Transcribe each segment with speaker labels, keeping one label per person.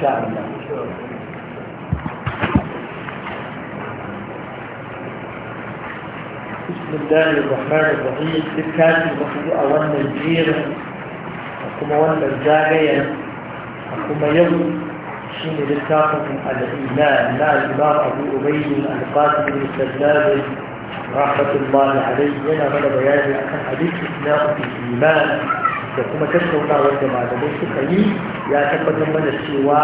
Speaker 1: شاء الله
Speaker 2: بسم الله الرحمن الرحيم بالكاتب المخلوق أولا الجير وكما ولا الزاقية وكما يوم شين على الإيمان لا الإمام أبو أبي القاسم بن السلام رحمة الله عليه لنا من بيان أن حديث إسلام في الإيمان da kuma tattaunawar da malamai suka yi ya tabbatar mana cewa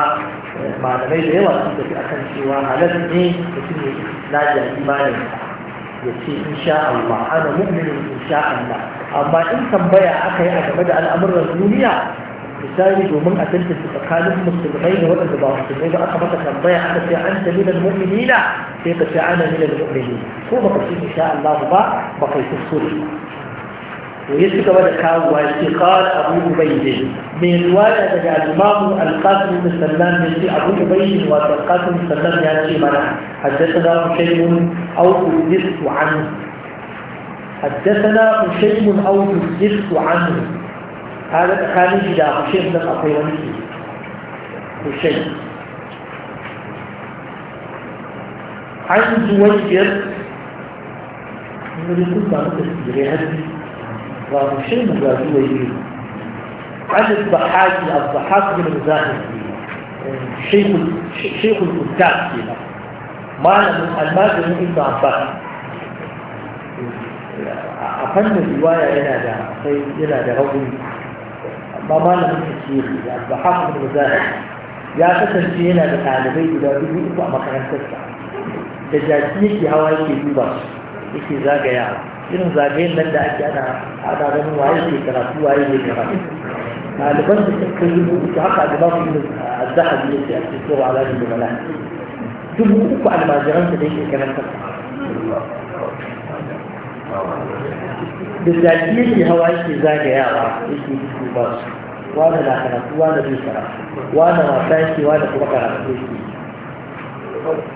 Speaker 2: eh, malamai da yawa sun tafi akan cewa halar ne da mutum ya lafiya imanin ya ce in sha Allah ana mu'minin sha Allah amma in tambaya aka yi a game da al'amuran duniya misali domin a tantance tsakanin musulmai da waɗanda ba musulmai ba aka maka tambaya aka ce an ta mumini na sai ka ce ana nuna mu'minin ko baka ce sha Allah ba baka yi kuskure ويسكى هو واشتقال أبو عبيد من الوالد دجا الإمام القاسم بن سلام يسي أبو عبيد والقاسم بن سلام يأتي منع حدثنا شيء أو حدثت عنه حدثنا شيء أو حدثت عنه هذا تخاني جدا شيء من الأقوانيكي شيء عن زوجر من الكتب عن تسجيل هذه ومشي من ذاته يجيب عن الضحاج الضحاج من الزاهر شيخ شيخ الكتاب فيها ما من الماد من ابن عباس أفن الرواية هنا ده هنا ده هو ما ما له من تفسير الضحاج من الزاهر يا فتن في هنا ده على بيت ده بيقول لك ما كان تسمع تجاتيك هواي كبير بس إيش ذا جاي irin zagayen nan da ake ana ana ganin waye ke karatu waye ke karatu ɗaliban da suka yi rubutu haka a gaba su zahabi ya ce a cikin wa alaji da mala dubu uku almajiransa da yake karanta
Speaker 1: da zaki yake hawa
Speaker 2: yake zagayawa yake yi ba su wani na karatu wani bai karatu wani wasa yake wani kuma karatu
Speaker 1: yake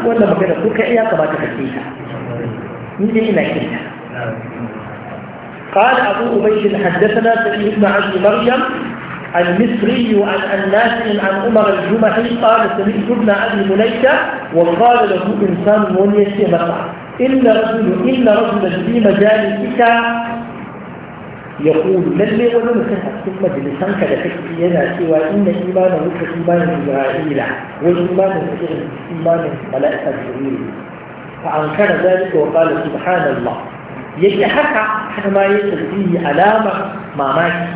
Speaker 2: wannan magana ko kai ya ka ce ta ni dai ina kin قال أبو أبيد حدثنا سعيد بن عبد مريم المصري عن الناس عن عمر الجمحي قال سمعت ابن أبي مليكة وقال له إنسان من يسير إن رجل إن رجلا في مجالسك يقول للي ولو كان ثم بلسانك لتكفي ينا سوى إن إيمانه كإيمان إسرائيل وإيمان إيمان ملائكة جبريل فأنكر ذلك وقال سبحان الله يجي حقا حما يصل فيه علامة معناك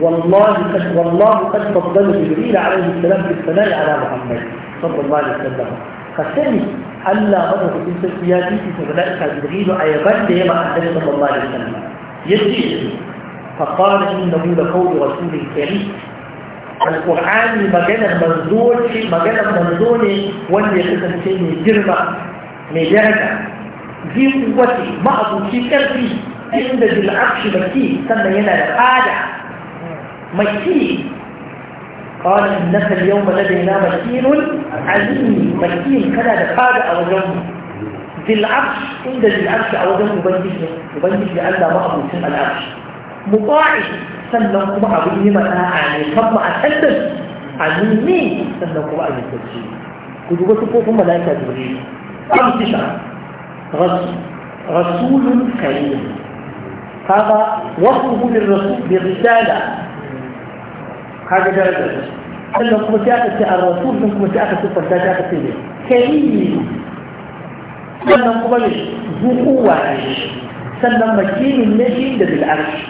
Speaker 2: والله قد والله قد فضل جبريل عليه السلام بالثناء على محمد صلى الله عليه وسلم فسني ألا مره في سيادتي في ملائكة جبريل أيضا لما النبي صلى الله عليه وسلم يسير فقال إنه لقول رسول الكريم القرآن مجانا منزول مجانا منزول واللي يكون شيء من جرمة من درجة ذي قوتي معظم في كربي عند ذي العرش مكي سنة ينا الآلة مكي قال إنك اليوم لدينا مكين عزيز مكين كان الآلة أو بالعكس عند العرش أو ده مبنجش مبنجش لألا ما أبو سن العرش مطاعي سنكم أبو لما أعني كم أسلم عني سنكم أبو التسجيل كنت بسقوكم ملائكة جبريل أم تشعر رسول رسول كريم هذا وصفه للرسول برسالة هذا درجة لكم تأتي الرسول منكم تأتي الفتاة تأتي كريم sannan kuma ne zukuwa ne sannan makinin ne shi da bil'arshi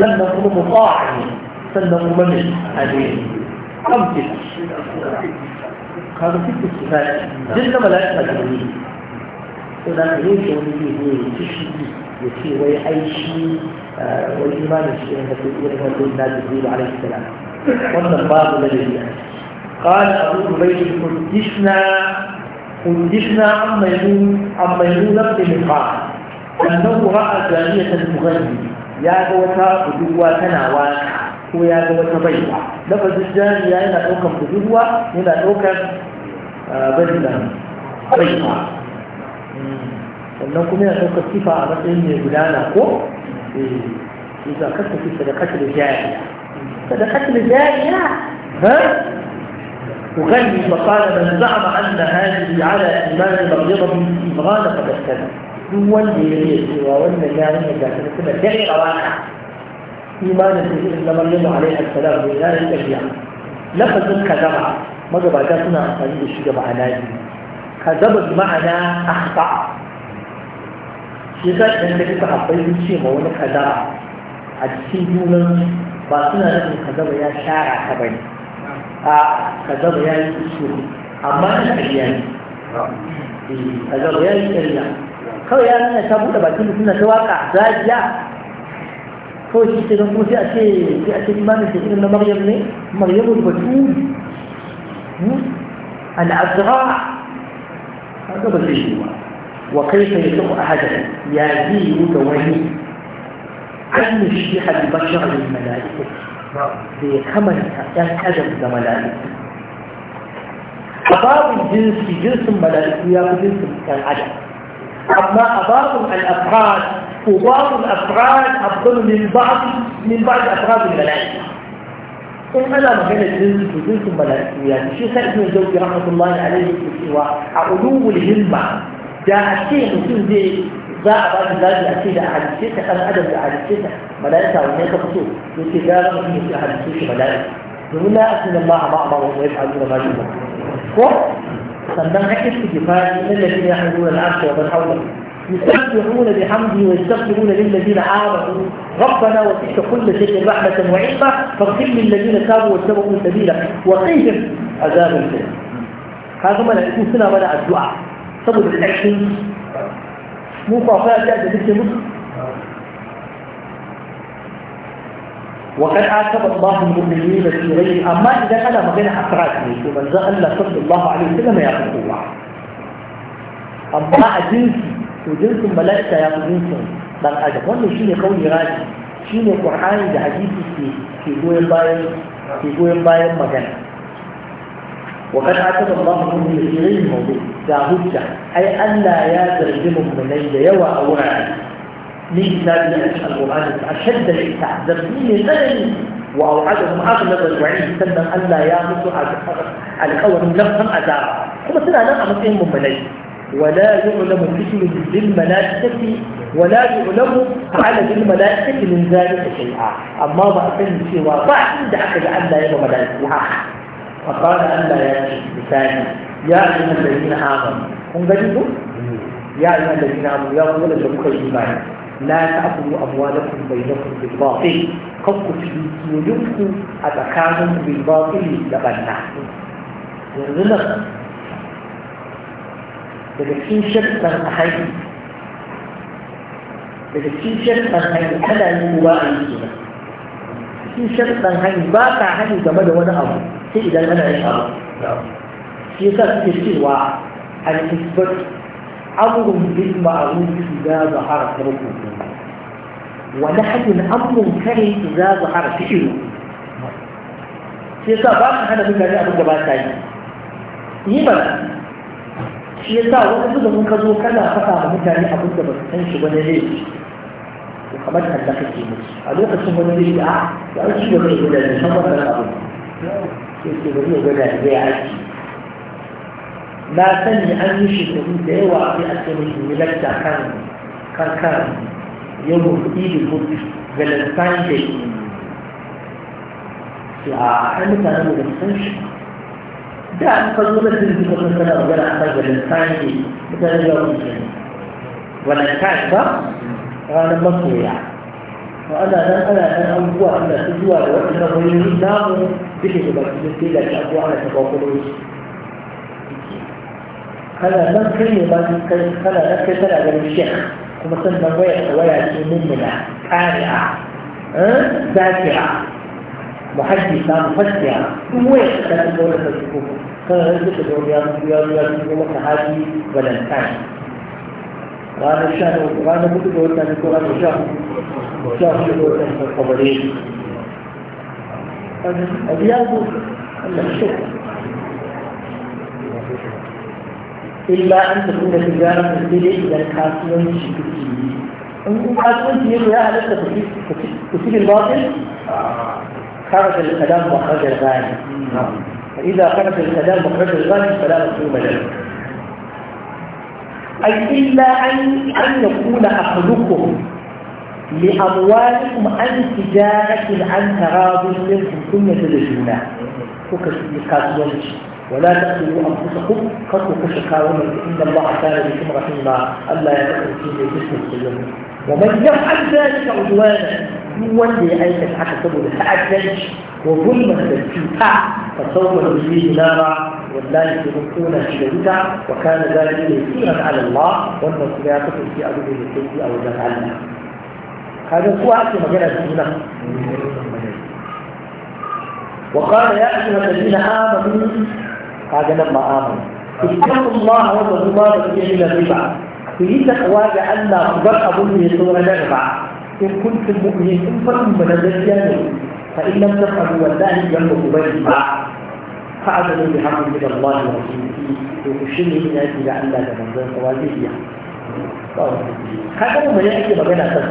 Speaker 2: sannan kuma mutawa ne sannan kuma ne a ne amfita kaga fikin su ta jin na mala'ika da wani to da ka yi shi wani ne ne ya ci shi ya ce wai ai shi wai imanin shi ne da kuma irin wani na jibrilu alaihi salam wannan babu na da biya قال أبو عبيد بن حدثنا عن ميمون عن ميمون بن قال أنه رأى جارية المغني يا غوتا بدوا تناوى ويا غوتا بيضة لفظ الجارية هنا توكم بدوا هنا توكم بدلا آه، بيضة sannan kuma yana ɗaukar sifa a matsayin mai gudana ko إذا كنت في صدقات الجارية صدقات الجارية ها وغني فقال من زعم أن هذه على إيمان مريضة من إمغان فقد كذب دول يريد وأن كان كان كما دعي روانا إيمان ابن مريم عليه السلام لا يتبع لفظ كذب ماذا بعد سنة أصلي الشجب على كذب بمعنى أخطأ شيئا أنك تحبين شيء ما هو كذب a cikin junansu ba suna nufin ka zama a kaza ba ya yi kuskure amma na ƙarya ne kaza ba ya yi ƙarya kawai ya nuna ta buɗe bakin mutum na ta waka zajiya kawai shi ke kuma sai a ce sai a ce imanin da irin na maryam ne maryamul batul العذراء هذا بالإجماع وكيف يطلق أحدا يزيد وهي أن يشبه البشر للملائكة في خمس يحتجم إلى ملائكة أباب الجنس في جنس ملائكة وياكو جنس كان عجب أما أباب الأفراد وبعض الأفراد أفضل من بعض من بعض أفراد الملائكة إن أنا ما كان الجنس في جنس ملائكة يعني شو سيدنا الزوجي رحمة الله عليه وسلم وعلوم الهمة جاء الشيخ في za a ba shi zaɓi a ce da a halice ta ɗan adam da a halice ta mala'ika wanne ka fito ya ce gara mutum ya ce a halice shi mala'ika domin la a sunan ba a ba a ba wani ya faru da ba ko sannan haƙƙin su ke fari na da ya hanzu da na'amta wa ban haula يسبحون بحمده ويستغفرون للذين آمنوا ربنا وفيك كل شيء رحمة وعلمة فاغفر للذين تابوا واتبعوا سبيلك وقيهم عذاب الجنة هذا ما نقول سنة بدأ الدعاء سبب الأكشن mun kwafa ya da take mutu wa kan asaba Allahu al-mu'minina fi ghayri amma idan ana magana afrad ne to manzo Allah sallallahu alaihi wasallam ya fi kowa amma a jinsi to jinsin mala'ika ya fi jinsin dan wannan shine kauli rajin shine qur'ani da hadisi ke ke goyen ke goyen bayan magana وقد عاتب الله من في غير الموضوع هجة أي ألا لا ترجم من يوى أو من كتاب القرآن أشد الإتعاب من ذنبي وأوعدهم أغلب الوعيد سنة ألا لا يامسوا على الأول نفسا أدارا ثم سنة لا أمسهم من ولا يعلم فتن للملائكة ولا يعلم على الملائكة من ذلك شيئا أما بعد أفهم سوى بعد عند أن لا يرى ملائكة فقال ألا يأتي بثاني يا أيها الذين آمنوا هم قريبوا يا أيها الذين آمنوا يا رسول الله لا تأكلوا أموالكم بينكم بالباطل قد تشبكوا أتكانوا بالباطل لبنا يرزلك daga cikin shirkan a haini daga cikin shirkan haini ana yi ba a yi kenan cikin shirkan نعم. في إذا ملع الأرض في ثلاثة سوى الإثبات أمر بالمعروف إذا ظهر تركه ونحن الأمر كريم إذا ظهر فعله في سابق أنا من قبل أبو جبال تاني يما إيه في سابق أنا من قبل أبو كلا فتا من قبل أبو جبال تاني شو بني ليش وكمان كان داخل جيمس أبو كسو بني ليش آه يعني شو بني ليش أبو جبال تاني sai bari ya gwada ya aiki na sani an yi shekaru da yawa a sai a ce mai yi lakta kan kankan yau idil mutu valentine day sai a an mutane da san shi da an kallo na sun ji kwasan sana magana a kan valentine day mutane da wani ba ranar masoya to ana nan ana nan abubuwa ana ta zuwa da waɗannan hanyoyi namu duka da baki da sai da abubuwa ana ta kwakwalo shi kana nan kai ne ba kai kana nan kai tana ganin shek kuma sannan waya ta waya ce mummuna ƙari'a eh, zakira muhaddisa mufassira duk waya ta tana ganin wani sassuko kan rarrabe da wani ya zuwa ya zuwa ya zuwa maka haji رانا شانو رانا كتب هو تاني قرآن شاف شهر شو هو تاني
Speaker 1: الخبرين أبيات الشكر
Speaker 2: إلا أن تكون تجارة مستدية إذا كانت من شكتي وبعد أن تجيب يا هذا تفسير الباطل خرج الكلام مخرج الغاني نعم. فإذا خرج الكلام مخرج الغاني فلا مطلوب لك أي إلا أن, أن يكون أخذكم لأموالكم عن تجارة عن تراض منكم ثم تدجونا ولا تقتلوا أنفسكم قد تشكاوا إن الله كان بكم رحيما ألا يكون في جسم السلم ومن يفعل ذلك عدوانا يولي أيك حتى تبدو تعدلش وظلما تنفيقا فسوف نجيه نارا والله يمكن شديدا وكان ذلك يسيرا على الله وأن لا في أبوه للسيد أو المتعلم هذا هو أكثر مجال السنة وقال يا أيها الذين آمنوا هذا لما آمنوا اتقوا الله وتقوا إلى الربا في تقوى جعلنا قبر أبوه يسور نغبع إن كنتم مؤمنين فإن فإن لم تفعلوا والله يملك بينهم فعدل بحق من الله ورسوله وشنو من أجل أن لا تنزل سواديه هذا من يأتي بغير أساس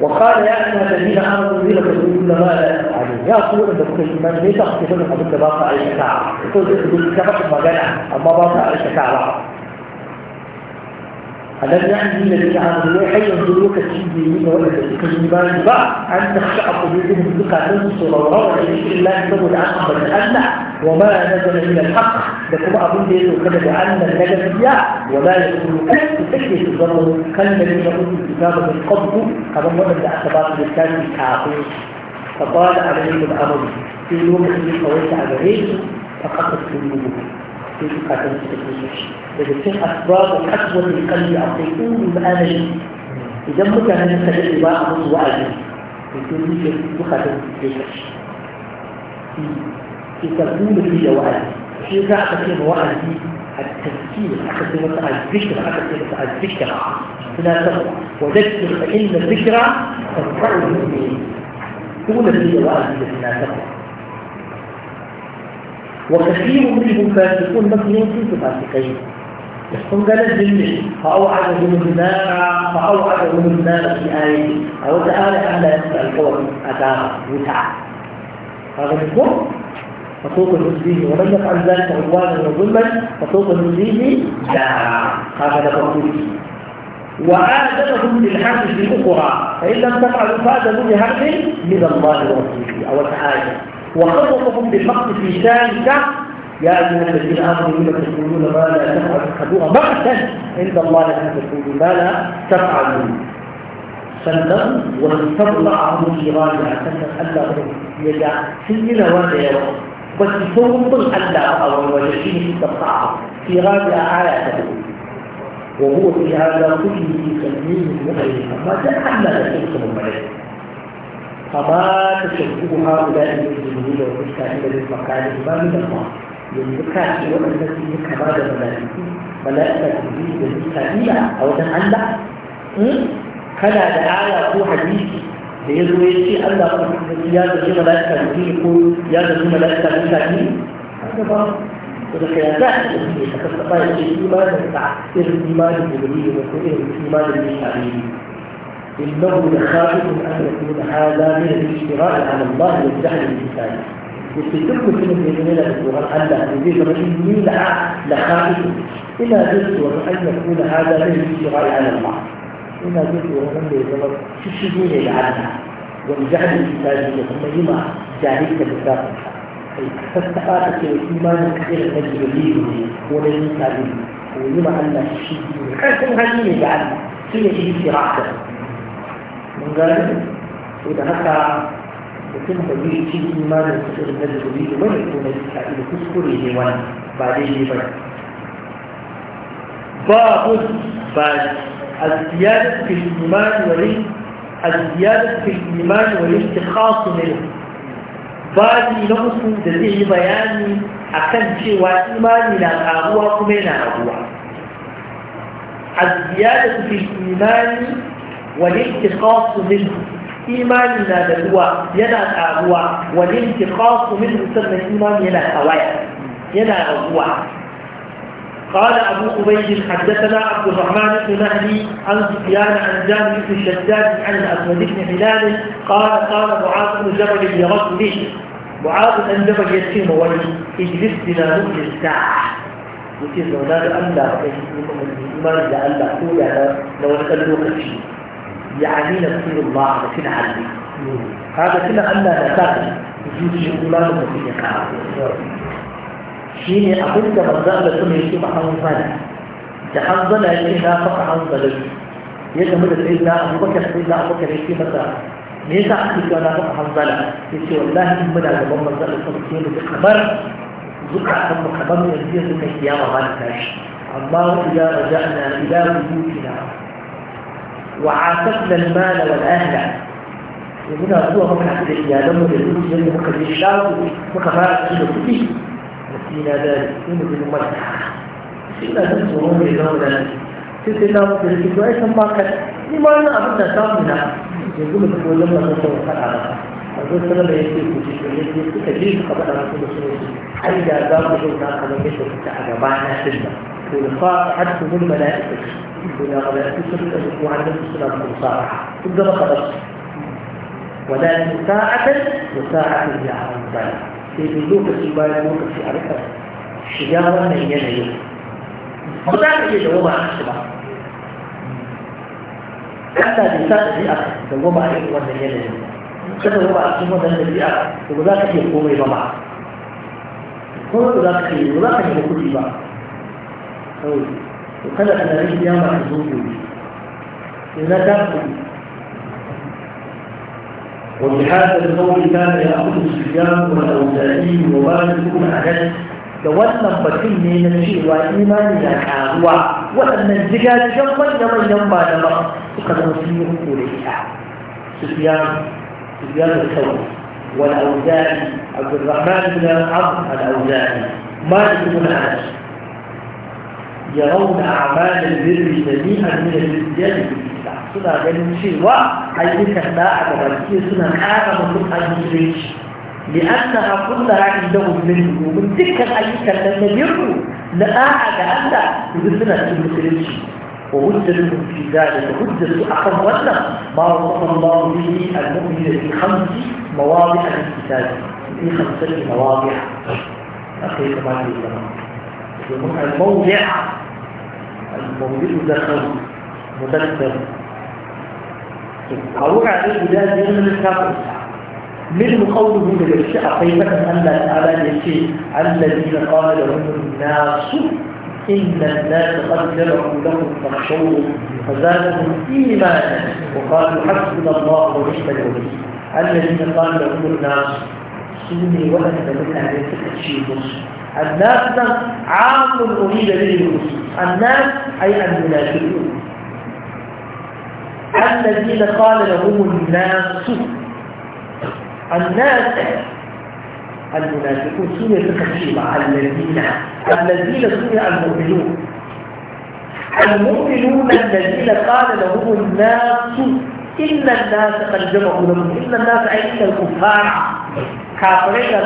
Speaker 2: وقال يا أيها الذين آمنوا إلى رسول ما لا تفعلوا يا رسول الله كل من ليس اختفوا من قبل باقى على الشكاعة يقول لك ما جنع أما باقى على الشكاعة يعنى الذي يعني الذي عملوا حي ينظروا كتيبين ولا كتيبان بقى أن تخشع قلوبهم بقى تنصر وروى الله يبود عنهم بالأمنع وما نزل من الحق لكم أبو ليل وكذا بأن النجم فيها وما يكون كيف تكفي الظلم كالذي يقول الكتاب من قبل كما هو من الأسباب التي تعقل فقال عليهم الأمر في يوم الذي قويت على فقط قلوبهم في بقى تنصر بتصير أسباب الحسوة القلب أو تقول أنا جديد إذا مكان تجد بعض وعدي يكون لك مخاطر ليش يكون لك وعدي في ذاك كان وعدي التفكير أكثر مثلا الذكر أكثر مثلا الذكر هنا تقوى وذكر فإن الذكرى تنفع المؤمنين دون في وعدي هنا تقوى وكثير منهم فاسقون مثل يمكن فاسقين يحكم قال الذمي فأوعدهم النار فأوعدهم النار في آية أو تعالى لا يسمع القول أدار وتع هذا الحكم فصوت المسلمين ومن يفعل ذلك عدوانا وظلما فصوت المسلمين جاء هذا نقول وآدمهم للحرب في الأخرى فإن لم تفعلوا فآدموا بحرب من الله ورسوله أو تعالى وخصصهم بالحق في ذلك يا ايها الذين امنوا لم تقولون ما لا تفعلون بعدا عند الله لم تقولوا ما لا تفعلون فالدم والفضل عن الجيران يعتذر الا يدع سنين وغيره بس فضل الا او وجهين في التقاعد في غاب اعاده وهو في هذا كله تكليم وغيرها ما تعلم تلكم الملائكه فما تشبه هؤلاء المسلمين والمشتاقين للمكان ما من الله yanzu ka ce waɗanda su yi kama da malaiku malaika su yi da mika'ila a wajen Allah kana da aya ko hadisi da ya zo ya ce Allah ko ya zaci malaika su yi ko ya zaci malaika su yi haka ba da kai za a ce ne ka kasa ya ce imanin sa irin imanin jibril ko irin imanin mika'ila إنه لخائف أن يكون هذا من الاشتراء على الله والجهل بالكتابه يستجيب من في بالقرآن ألا يجيب رجل يلعى لخائفه إلى جزء وأن يكون هذا من الاشتغال على الله إلى جزء وأن يتمر في الشجون العامة والجهل الإنساني ثم يما جاهلك بالذات فاستقاطك الإيمان كثير تجربيه ولن يتعلم ويما أن الشجون كان هذه العامة هي الاشتراك من قال وده هكذا تم تبدیل چیز ایمان و کسر اندر جبی تو بڑی تو میں سکھائی تو بعد کو لیے في الإيمان والي الزيادة في الإيمان والاستخاص منه بعد نقص ذي بيان أكن شيء وإيمان لا أروى من أروى الزيادة في الإيمان والاستخاص منه imani na da ruwa yana ƙaruwa wajen tiƙasu min musamman imani yana tawaya yana raguwa قال أبو أبي حدثنا عبد الرحمن بن مهدي عن سفيان عن جابر بن الشداد عن الأسود بن هلال قال قال معاذ بن جبل لرجله معاذ بن جبل يسير ولي اجلس بنا نجلس الساعة وكيف لو نادى أن لا الإيمان إلا أن لا لو نقلوا كل شيء يعني نذكر الله نسينا عليه هذا كنا أننا نتاكل وجود شيء لا نستطيع كاره شيء أقول كما زال ثم يشوف حنظلة تحنظلة إنها فقط حنظلة يجب أن سيدنا أبو بكر سيدنا أبو بكر يشوف مثلا ليس أحكي كما فقط حنظلة يشوف والله إن مدى لبما زال لكم يشوف خبر ذكر ثم خبر يزيد ذكر قيامة ما الله إذا رجعنا إلى وجودنا وعاتبنا المال والأهل ومنا هو مكحد إيالهم للوجه اللي مكحد الشعب مكفاء كيلو كتير نسينا ذلك ونبي المرحة سينا تنصرون لنا sai sai na mutu da shi to ai san ba kai ni ma na abin da samu na yanzu mutum أقول سنة نعم، نعم، ما يجب يجب تجريب قبل أن أكون سنوسي حتى ذاك يقول ما أنا مش وكنت أنا معنا سنة ولقاء حتى من الملائكة ولا ملائكة سنة أسبوع عن نفس السنة المصارحة تبدأ بقى ولا مساعة مساعة يا رب في بلوك السبايل بلوك في عرفة شجاعة من ينهي مدعك يدوم عن السبايل حتى لساعة في أخر دوم عليه ومن ينهي kada ba a cikin wannan ɗabi'a to ba za ka iya komai ba ma kuma ba za ka iya ba za ka iya kuɗi ba to kada ka nari ya ma ka zo gobe إذا كان كذب وبهذا القول كان يأخذ الصيام والأوزاعي ومالك بن أنس تولى بكل من الشيء وإيمان الأحاوى وأن الزكاة جنبا يوم يوم وقد نصير إليها سفيان سفيان الثوري والأوزاعي عبد الرحمن بن عبد الأوزاعي مالك بن عاش يرون أعمال البر جميعا من الرجال بالإسلام سنة جنون شيء وأيك الساعة تبكي سنة حاجة من المسلمين لأنها كلها عندهم منه ومن تلك الأيك الذي يروا لأعد أنت تدفنها في المسلمين وهدد في ذلك هدد أخر ولا ما وصف الله به المؤمن في خمس مواضع الكتاب في خمسة مواضع أخي كمان الموضع الموضع ذكر مدخل أوقع عليه بلاد من الكافر من قوله من الشيء أقيمة أن الله تعالى الذين قال لهم الناس إلا الناس قد جمعوا لهم فاخشوهم فزادهم إيمانا وقالوا حسبنا الله ونعم الوكيل الذين قال لهم الناس سوني وأنت من أهل تكشيف الناس عام أريد به الناس أي المنافقون الذين قال لهم الناس الناس المنافقون سنة الخشيمة الذين الذين سنة المؤمنون المؤمنون الذين قال لهم الناس إن الناس قد جمعوا لهم إن الناس أي إن الكفار كافرين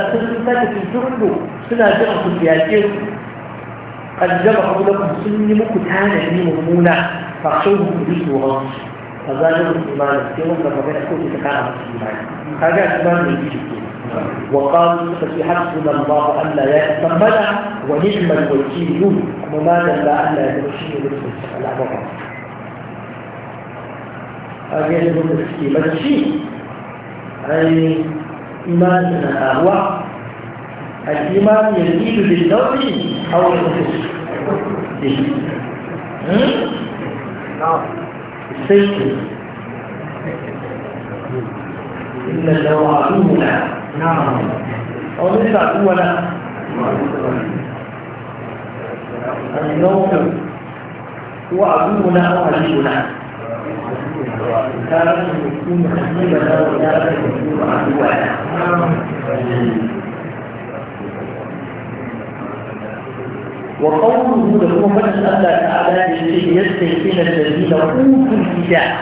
Speaker 2: سنة في جهد سنة جمعوا في أجل قد جمعوا لكم سنة مكتانة من مؤمنة فخشوهم بسورة فزادوا الإيمان سيهم لما بيحكوا في تكاعة إيمانا هذا إيمان يجي وقالوا فسيحسن الله أن لا يتمنى ونعم الوكيل وما دل أن لا يتمشي مثل الأمر هذا يجب أن تسكي أي إيماننا أهوى الإيمان يزيد بالنوع أو ينقص به نعم السيد إن الله عدونا نعم أو ليس عدونا النوم
Speaker 1: هو عدونا أو يمكن أن يكون لا يمكن أن يكون عدونا نعم.
Speaker 2: وقوله لكم فلن ألا تعالى لشيء يستيقين الذين أوتوا الكتاب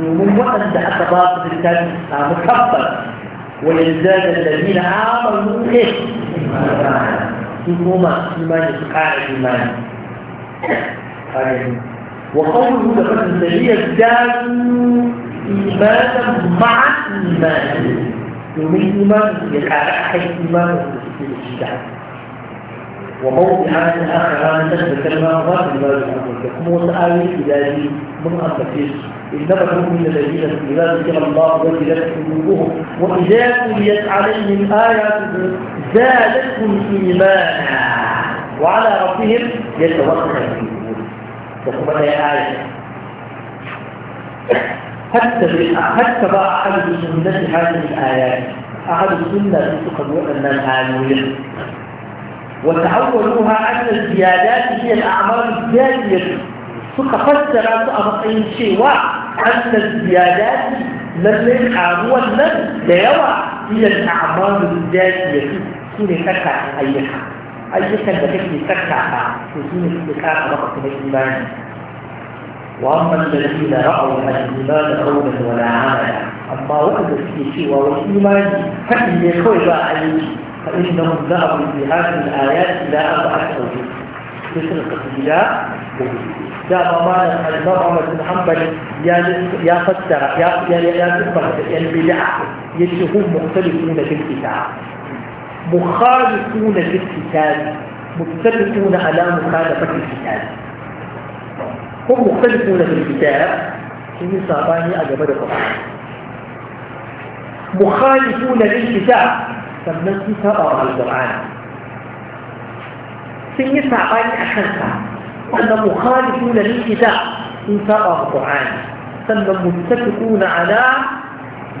Speaker 2: ومن وقت حتى باطل الكتاب مكبر ويزداد الذين آمنوا خير ثم إيمان سبحان إيمان وقوله لكم الذين ازدادوا إيمانا مع إيمان ومن إيمان يتعالى يعني حيث إيمان في الشجاعة وموضع آخر أنا تشبه كلمة غاب الباب لكم وسآل إلهي من أنفسه إنما من الذين في بلاد ذكر الله وجلت قلوبهم وإذا تليت عليهم آياته زادتهم إيمانا وعلى ربهم في وكما هي آية حتى حتى بقى أحد السنة هذه الآيات أحد السنة تقدر أن الآيات وتعودوها أن الزيادات هي الأعمال الزيادية فكفسر أمطين شيوا أن الزيادات لمن هو من ديوا هي الأعمال الزيادية سنة فكعة أيها أيها التي تكع سنة تكع رقم الإيمان وأما الذين رأوا الإيمان أولا ولا عملا أما وقت في سوى الإيمان فإن يكوي بقى أيها فإنهم ذهبوا في هذه الآيات إلى أربعة أوجه مثل قتيلة دعما ما المرأة بن حنبل يا فسر يا يا يا يا البدع يشهم مختلفون في الكتاب مخالفون في الكتاب متفقون على مخالفة الكتاب هم مختلفون في الكتاب في صاباني أجمد القرآن مخالفون للكتاب sannan su saba wa alƙur'ani sun yi saɓani a kansa sannan mukhalifu na likita sun saba wa alƙur'ani sannan muttafiquna ala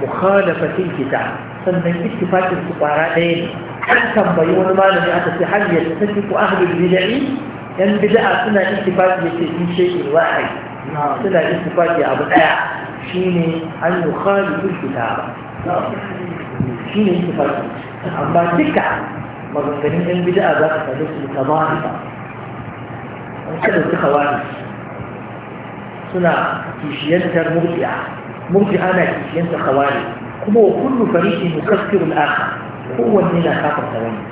Speaker 2: mukhalafatil kitab sannan ittifaqin su kwara ɗaya ne an tambayi wani malami aka ce har ya tattafiqu ahlul bid'i yan bid'a suna ittifaqi yake sun shege wahai suna ittifaqi abu ɗaya shine an yukhalifu kitaba shine ittifaqi أما تكع مظهر كريم البداء متضاربة فلس لتضاعفة ونسأل التخواني سنع كيشينتر مرجع مرجعنا كيشينتر خواني كما كل فريق مكسر الآخر هو أننا خاطر ثواني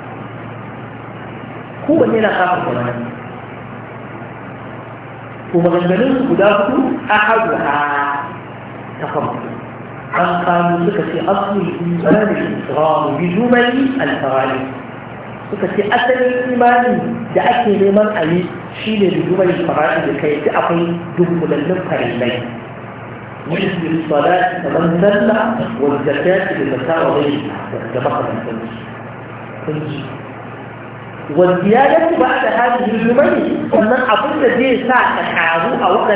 Speaker 2: هو أننا خاطر ثواني ومغنبنون قدامه أحد وحا تخمر أن قالوا أصل الإيمان الإصرار بجمل الفرائض سكة أصل الإيمان دعك لمن أن يشيل بجمل الفرائض لكي تعطي دخل المنكر إليه مثل الصلاة فمن صلى والزكاة للمساء وغيرها والزيادة بعد هذه الجمل أن أبدا دي ساعة أو أن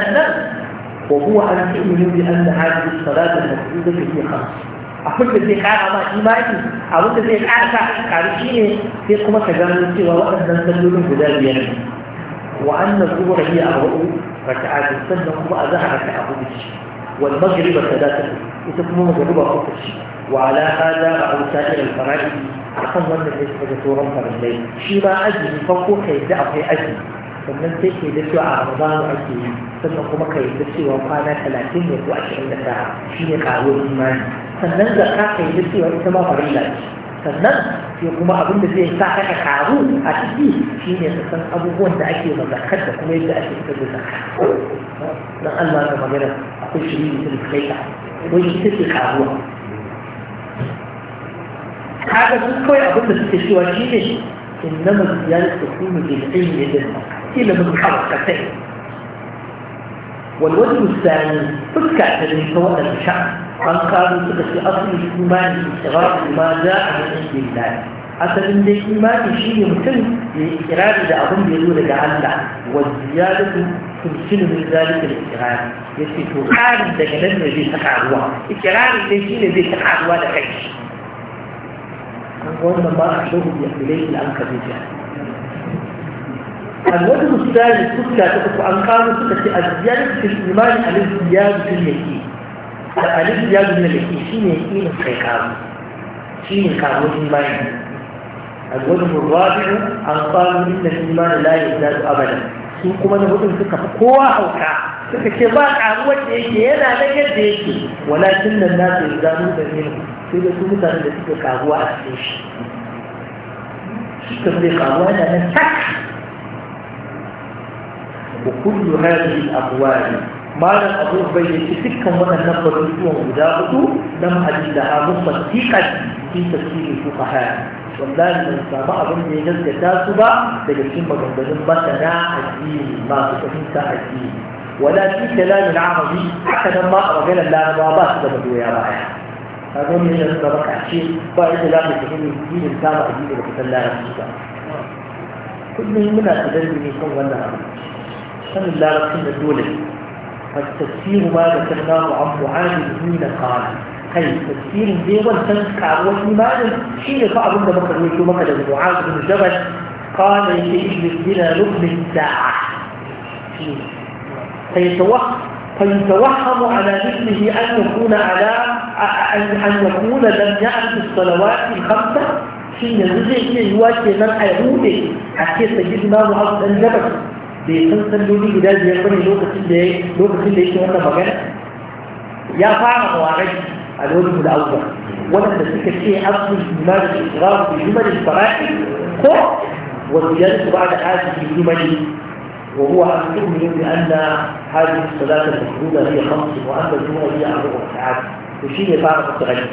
Speaker 2: وهو أنا أؤمن بأن هذه الصلاة المحدوده في خمس أقول لك في حاجة ما إيماني أقول لك في حاجة كارثية في قمة إيه؟ كجانب سوى وقت نسلل من جدال يعني وأن الظهر هي أبوه ركعات السنة هو أذهب ركع أبو بشي والمغرب ثلاثة يتكلمون مجربة أبو وعلى هذا أو سائر الفرائض أخذ من الناس فجسورا فرجلين شيء ما أجل فوقه يدعو في أجل sannan sai ke da cewa a ramadan ake yi sannan kuma ka da cewa kwana talatin ne ko ashirin da tara shi ne karuwar imani sannan da ka ka da cewa ita ma farilla ce sannan sai kuma abin da zai sa ka karu a ciki shi ne ka san abubuwan da ake ma da kuma yadda ake fitar da zakar dan Allah magana akwai shiri da kai ka wani ita ce karuwa kaga duk kawai abin da suke cewa shi ne إنما الزيادة تكون بالعلم بالحق من ilimin karkatai والوجه الثاني فكع تدريس سواء الشعب عن قالوا تدرس أصل الإيمان استغراق ما جاء من عند الله أصل من الإيمان شيء يمكن لإقرار إذا أظن يقول لعل والزيادة تمكن من ذلك الإقرار يسي تقال إذا كان الذي تقع الواقع إقرار إذا شيء الذي تقع الواقع لكيش أنقول ما أخشوه بأحمليه الأنكر بجهة الوجه الثالث سكة تقف عن قام سكة الزيادة في الإيمان على الزيادة في اليقين على الزيادة من اليقين شين يقين الحكام شين كام الإيمان الوجه الرابع عن قام إن الإيمان لا يزداد أبدا kuma na hudun suka fi kowa hauka suka ce ba karuwar da yake yana da yadda yake walakin nan na su zanu da ne sai da su mutane da suka karuwa a cikin shi suka zai karuwa da na tak وكل هذه الأقوال ما لم أقول بين تلك وأن نقل لكم مداخل لم أجد لها مصدقا في تفسير الفقهاء والله من سامع أظن يجب كتاسبة لكن مجمدين بسنا الدين ما تفهمت الدين ولا في كلام العربي حتى لما رجل العربات تبدو يا رائع هذا من السبق عشير فإذا لا تفهم الدين الكامل الدين وكتلا رسولك كل من منا تدربني كون وانا أبدا sanin الله da dole التفسير ما ذكرناه عن معاذ الدين قال هل تفسير ديوان تنكع وإيمان حين بعض لما كرويت مكة معاذ بن جبل قال يجلس بنا لقم الساعة فيتوهم فيتوهم على مثله أن يكون على أن يكون لم يعرف الصلوات الخمسة حين نزل فيه يواجه من أعوده حتى ما هو بن جبل bai san salloli guda biyar bane lokacin da lokacin da yake wannan magana ya fara mawarai a lokacin da auka wanda suka ce asu imani da isra'u bi jumali fara'i ko wa ziyaratu ba'da hadhihi bi jumali وهو أن تؤمنوا بأن هذه الصلاة المفروضة هي خمس وأن الجمعة هي أربع ركعات وشيء بعد التغيير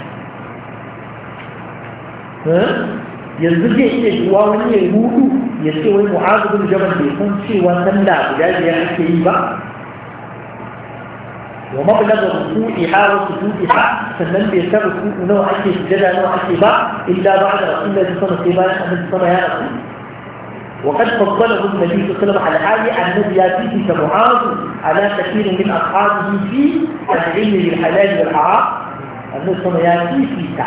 Speaker 2: yanzu zai iya shiwa wani ya rudu ya ce wai mu'azu bin jabal bai san cewa sallah guda biyar ake yi ba wa mablaga ruku'iha wa sujudiha sannan bai san ruku'u nawa ake sujada nawa ake ba illa ba'da rasulullahi sallallahu alaihi wasallam sai bayan annabi sallallahu alaihi wasallam وقد فضله النبي صلى الله عليه وسلم على آية الذي يأتيه كمعاذ على كثير من أصحابه في العلم بالحلال والحرام النبي صلى الله في وسلم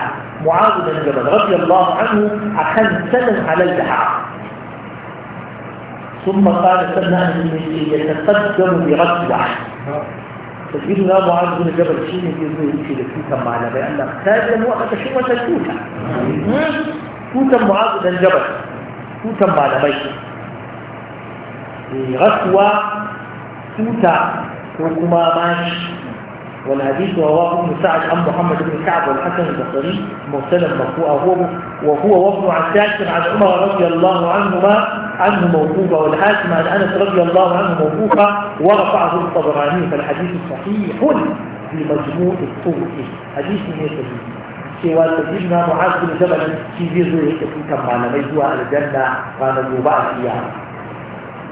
Speaker 2: معاذ بن جبل رضي الله عنه أخن سلم على البحار ثم قال سنة يتقدم برد تجد سيدنا معاذ بن جبل شيء يقول يمشي لك لكوكا معنا بأن أختاجا وقت شو تكوكا كوكا معاذ بن جبل كوكا معنا بيت غسوة كوكا وكما ماشي والحديث رواه ابن سعد عن محمد بن كعب والحسن البصري مرسلا مرفوعا وهو وابن عباس عن عمر رضي الله عنهما عنه موقوفا والحاكم عن انس رضي الله عنه موقوفا ورفعه الطبراني فالحديث صحيح في مجموع الطرق حديث من يتبين سوى سيدنا معاذ بن جبل في بيزو zo على tafi الجنه malamai zuwa aljanna ranar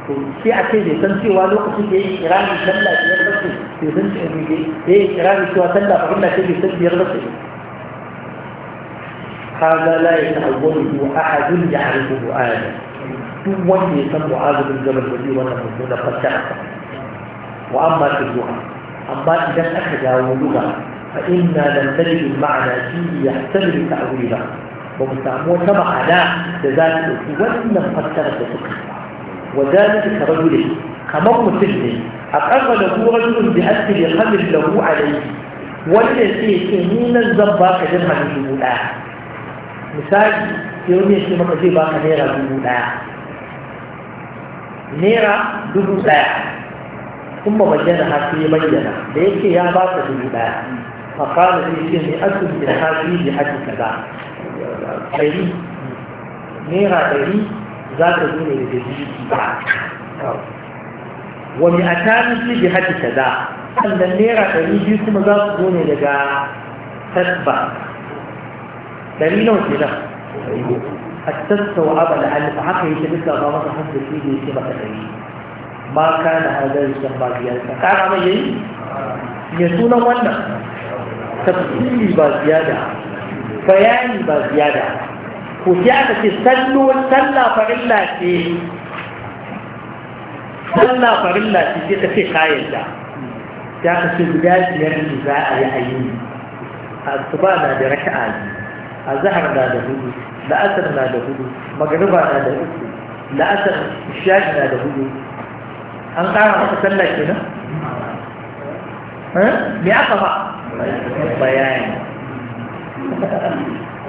Speaker 2: to sai a ce bai san cewa lokacin da ya yi irani sallah biyar ba ce bai san cewa da ya yi irani cewa sallah ba kuma ce bai san biyar ba ce kaga la ya ta'awwalu ahadun ya'rifu bu'ada duk wanda ya san bu'ada bin jabal ba zai wannan mummunan fassara wa amma ta du'a amma idan aka dawo lugha فإنا لم تجد المعنى فيه يحتمل تأويله ومستعمل تبع على ذات وأن فسرت سكرها وذلك كرجله كما قلت أقبل هو رجل بحسب يخمر له عليه والذي كمين الزبا كجمع الجمولا مثال يوم يسمى كجيبا كنيرا جمولا نيرا جمولا ثم مجانا حقي مجانا بيكي يا باك جمولا فقال لي كمي أسل من لحد كذا خيري نيرا خيري za ta zo ne daga jiki ba wa mi a tarin su ji hati kaza sannan naira ɗari biyu kuma za su zo ne daga tasba ɗari nawa ke nan a tasta wa abala alifa haka yake duk da ba masa hanzu su da yake maka ɗari ma ka da hazar shan ba biyar ka kara mai yayi ya sunan wannan tafsiri ba ziyada bayani ba ziyada ko sai aka ce sallo sallah farilla ce sallah farilla ce sai ka ce kayan da ya ka ce guda biyar ne za a yi ayi asuba na da raka'a ne azhar na da hudu la'asar na da hudu magriba na da uku la'asar isha'i na da hudu an kara masa sallah kenan me aka ba bayani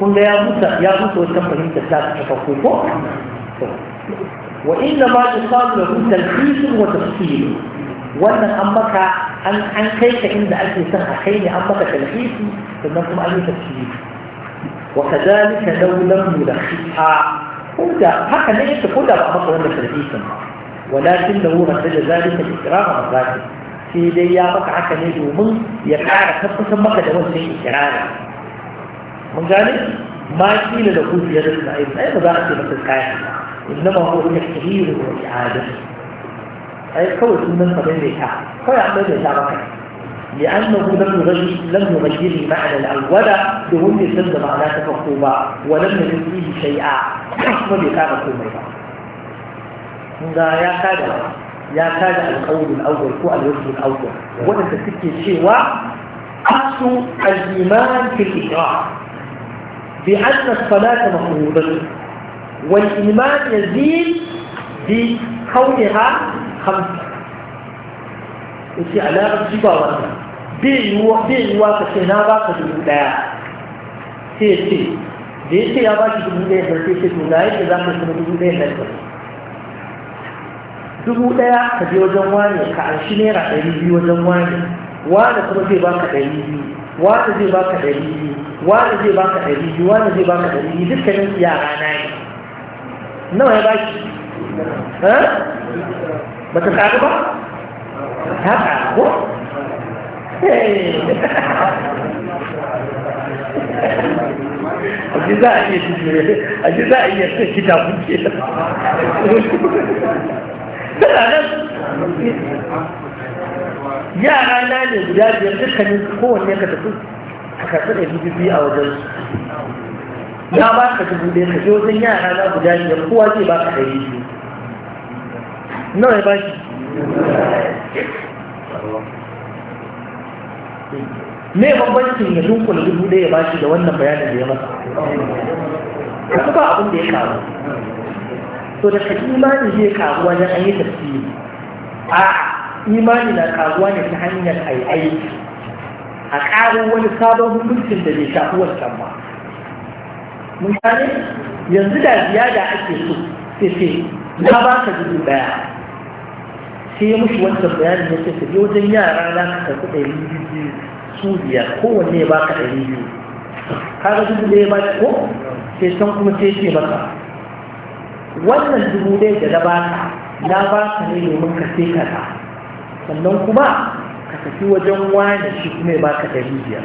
Speaker 2: كل يابوس يابوس وكم فهم تسلاك تفوقه وإنما يصاب له تلخيص وتفصيل وأن أمك أن أن كيف إن ألف سنة حين أمك تلفيز فنقوم أن تفصيل وكذلك لو لم يلخصها قلت حتى ليس كل أمك لم تلفيز ولكن لو رفض ذلك الإكرام ذلك في ليا بك عكا نجو من يقعر خطة مكة دون شيء إكرامه من جانب ما في لدخول في هذا الاسم اي مبارك في مثل انما هو من الكبير اي كوي سنة قبل ليتا كوي عمل ليتا بقى لأنه لم يغير لم يغير معنى الأول دون يسند معنى تفقوبا ولم يكن فيه شيئا ما ليتا بقوم ايضا يا كاد يا كاد القول الأول هو الوجه الأول وانت تكي شيء و أصل الإيمان في الإكرام بأن الصلاة مفروضة والإيمان يزيد بكونها خمسة وفي علاقة جبارة بيوا بيوا كشنا باك دبودا سيتي ديتي يا باك دبودا سيتي دولاي كذا كشنا دبودا سيتي dubu ɗaya ka je wajen wane ka an shi naira في biyu wajen wani zai baka ɗari biyu zai baka ɗari biyu zai baka dukkanin su yara na nawa ya baki ba ta ba ta ƙaru ko aji za a iya shi aji za a iya sai kita kuke da nan yara na ne guda biyar dukkanin kowanne ka tafi ka da ɗari biyu a wajen su na ba ka dubu ɗaya ka je wajen yara na guda biyar kowa zai ba ka ɗari biyu nawa ya ba shi me bambancin ya dunkula dubu ɗaya ya ba shi da wannan bayanin da ya masa ka ba abin da ya karu to da ka imani zai karu wajen an yi tafsiri a'a imani na karuwa ne ta hanyar aiki a ƙarin wani sabon hukuncin da bai shafi wancan ba Mutane, yanzu da biya da ake so sai sai na ba ka dubu daya sai ya mushi wancan bayanin ya ce ka je wajen yara za ka karɓi ɗari biyu su biyar kowanne ya baka ɗari biyu kaga dubu ɗaya ba ko sai can kuma sai ce maka wannan dubu ɗaya da na baka na baka ne domin ka sai kaza sannan kuma ka tafi wajen wani shi kuma ba ka ɗari biyar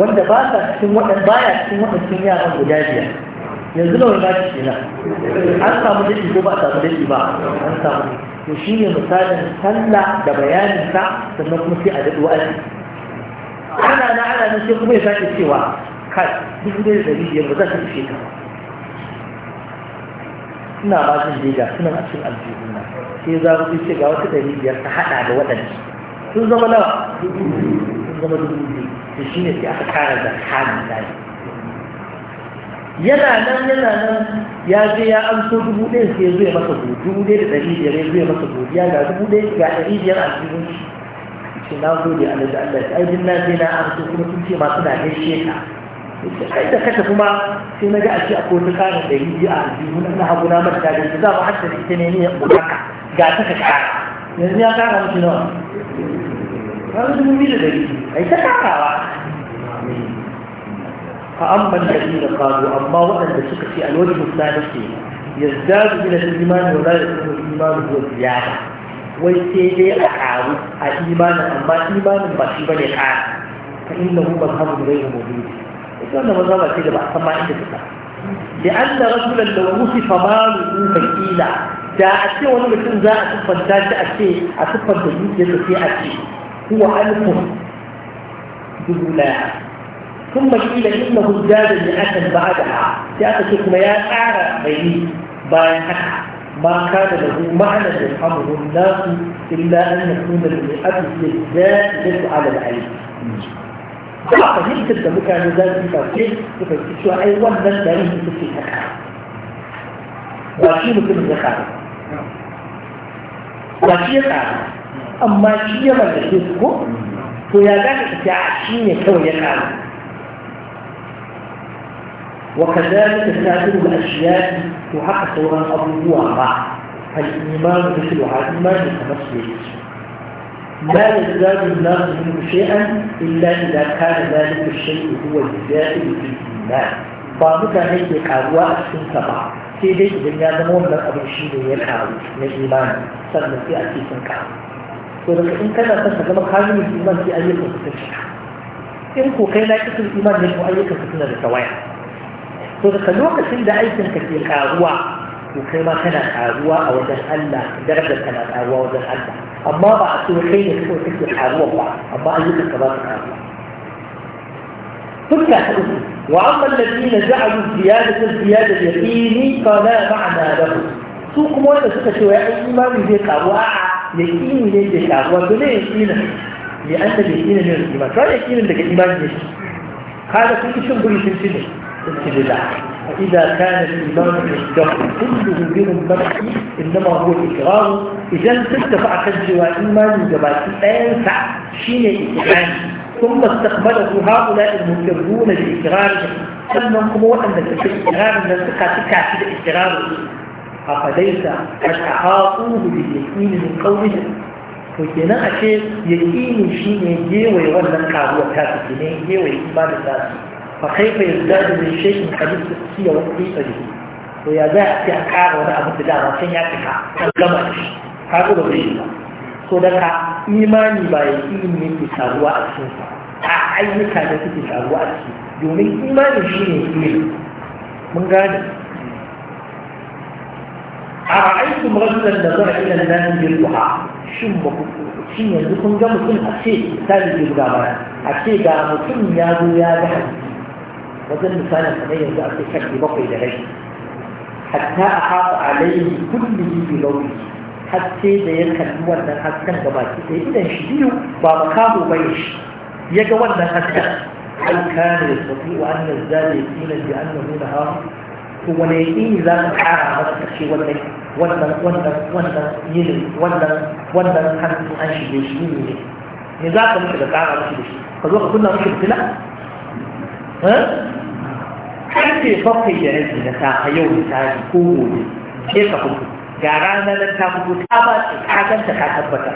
Speaker 2: wanda ba sa cikin waɗanda baya cikin waɗancan yaran guda biyar yanzu da ba shi kenan an samu daɗi ko ba a samu daɗi ba an samu to shi ne misalin sallah da bayanin sa sannan kuma sai a daɗi aji? ana na ana na sai kuma ya sake cewa kai duk da ɗari biyar ba za ta ishe ka ba suna ba jin dai ga sunan a cikin aljihuna sai za su ce ga wata ɗari biyar ta haɗa da waɗanda sun zama nawa sun zama dubu biyu to shi ne sai aka kara da hali layi yana nan yana nan ya je ya amso dubu ɗaya sai ya zo ya masa dubu dubu ɗaya da ɗari biyar ya zo ya masa godiya ga dubu ɗaya ga ɗari biyar a cikin shi ce na gode Allah da Allah ai din na je na amso kuma sun ce ma suna gaishe ka sai da kashe kuma sai na ga a ce akwai wata karin da yi a aljihu na hagu na mata da za mu hatta da ita ne ne bukaka ga ta ka kara yanzu ya kara mutu nawa wani dubu biyu da dari ai ta karawa fa amman da ni da kazo amma waɗanda suka ce a alwaji da ke yazdadu ila al-iman wa la yakunu al-iman huwa ziyara. wai sai dai a karu a imanin amma imanin ba shi ba bane ƙara fa da mazhabun mu biyu. wannan mazaba ce da ba a san ma inda ta لأن رجلا لو وصف ماله فكيلا دا أشياء وانا بكون ذا أتفن جاء أشياء أتفن تجيب يده في أشياء هو ألف جبولا ثم قيل إنه زاد مئة بعدها سيأتى كما يا أعرى بيني باين ما كان له معنى يفهمه الناس إلا أن يكون المئة للزائد على العلم ba fahimtar da mutane za su ɗauke su fahimci cewa ai wannan dari su ke haka ba shi mutumin ya ƙara ba shi ya ƙara amma shi ya mallake su ko to ya za ka tafiya shi ne kawai ya ƙara وكذلك سائر الأشياء تحقق صورا أبوها فالإيمان مثلها إيمان كمسلم لا يزداد الله منه شيئا إلا إذا كان ذلك الشيء هو الزائد في الإيمان بعضك هيك قالوا أحسن سبعة في ذلك الدنيا زمون من أبو الشيء ينعو من الإيمان سلم في أسيس كعب ولكن إن كان أساسا كما خارج من الإيمان في أي قصة إن هو كي لا يكسر الإيمان من أي قصة للسوايا ولكن لوكسين ده أيسن كثير قالوا وكما كان قالوا أو ده الله درجة كان قالوا وده الله أما بعد a so kai ne kawai أما أيضا كبار amma تلك ka ba وأما الذين جعلوا الزيادة الزيادة يقيني فلا معنى له سوق مولا سوق شوائي إيمان ذي قواع آه، يقين من قواع بلا يقين لأن يقين من الإيمان فلا يقين لك إيمان يقين هذا كل شيء بريد السنة الله فإذا كان الإمام مشتغل كله غير مرحي إنما هو إقرار إذا تدفع تجوى إيمان جبات أنفع شين الإقرار ثم استقبله هؤلاء المكرون الإقرار ثم قموا أن الإقرار من التكاتك عشد إقرار أفديس أشعاطوه بالإقرار من قومه فكنا أشير يقين شين يجيوي ولا كابوة كابوة كابوة كابوة كابوة كابوة فكيف يزداد من شيء من حديث السية والطيقة به ويا ذا في أكار ولا أبو تدار وشين يأتكا كلمة هذا هو الله صدقاء إيماني بايقين من تساروا أكسنسا أعينك كانت تساروا أكسنسا يومي إيماني شيء من من قال أرأيتم رجلا نظر إلى الناس بالبحاء شم ba ku shin yanzu أشيء ga mutum a ce misali ke ga mana a وزن كان الحنين جاء في شك بطي لهجي حتى أحاط عليه كل في بوري حتى يلقى الأول من أسكن بباتي إذا يشديه باركاه بيش يقول من أسكن هل كان يستطيع أن يزال يكين بأنه نهار هو ليئين لا تحارى مستشي ولي ولن ولن ولن يلي ولن ولن كان أنشي بيشيني نزاق مش بتعرى مش بيشيني فالوقت كنا مش بتلا ها؟ karfe bakwai da rabi na safa yau misali ko gobe ke ka fito ga ranar nan ta fito ta ba ta ka ganta ka tabbata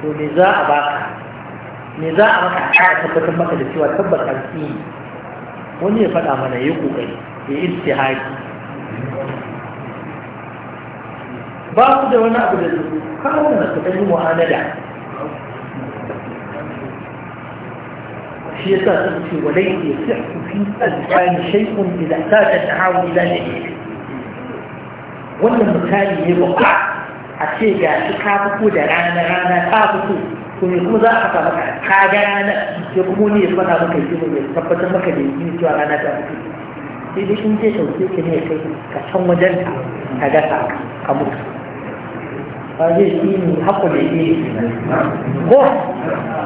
Speaker 2: to me za a baka me za a baka ka tabbatar maka da cewa tabbatar ki wani ya faɗa mana ya kokari ya istihari ba ku da wani abu da su kawo na su ɗan yi mu'amala shi yasa su ce wa laifi ya fi fi alƙani shaikun idan ta ta ta hawa ila ne wannan misali ne babba a ce ga shi ka fito da rana rana ta fito to me kuma za a faɗa maka ka ga rana ya kuma ne ya faɗa maka ya ya tabbatar maka da yi cewa rana ta fito sai dai in je ɗauke ki ne kai ka can wajen ka ka gasa ka mutu هذه الدين حق اليقين كوح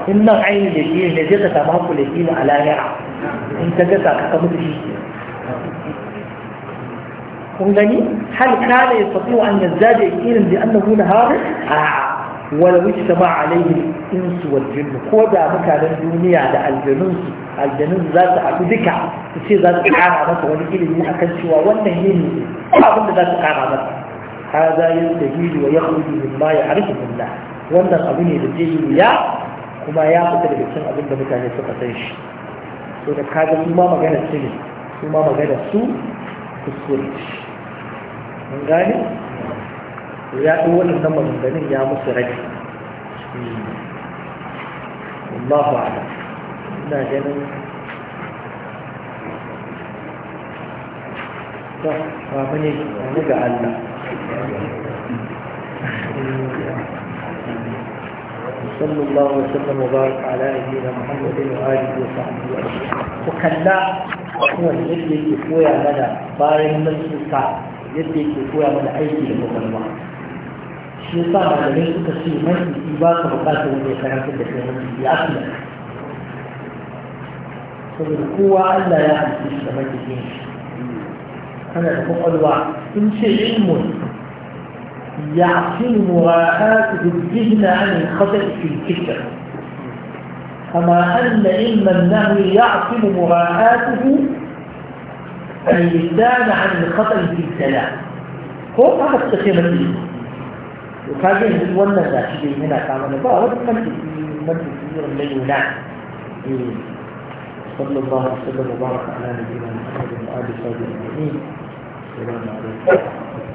Speaker 2: إن عين اليقين لجدة كما حق اليقين على يرع أنت جدة كما kun gani hal kana yastati an yazdada yaqinan bi annahu nahar wala wajtama alayhi ins wal jinn ko da mutanen duniya da aljanun su aljanun za su haɗu duka su ce za su kara masa wani ilimi akan cewa wannan yini ba abin da za su kara masa ya هذا يستهيل ويخرج مما يعرفه الله wannan abu ne da zai ya kuma ya fita daga cikin abin da mutane suka san shi so da kaga su ma magana su ne su ma magana su kuskure mun gane ya ɗau waɗannan maganganun ya musu rabi Allah ba ina ganin ba ne ga Allah صلى الله وسلم وبارك على نبينا محمد وآله وصحبه أجمعين وكلا هو الذي يكوي منا بارك من سلطة الذي يكوي منا أيدي المغلمة الشيطان على ليس كثير من إباك وقاتل من يكرمك الدكتور في أصله فبالقوة ألا يعرف في السماء أنا أقول إن شيء علم يعصي مراعاته الذهن عن الخطأ في الفكر كما أن علم النهو يعصم مراعاته اللسان عن الخطأ في الكلام هو ما تخيمة العلم وفاجئ نتولى ذا شيء هنا كمان بعض من من كثير في اليونان صلى الله وسلم وبارك على نبينا محمد وآل وصحبه
Speaker 1: أجمعين السلام عليكم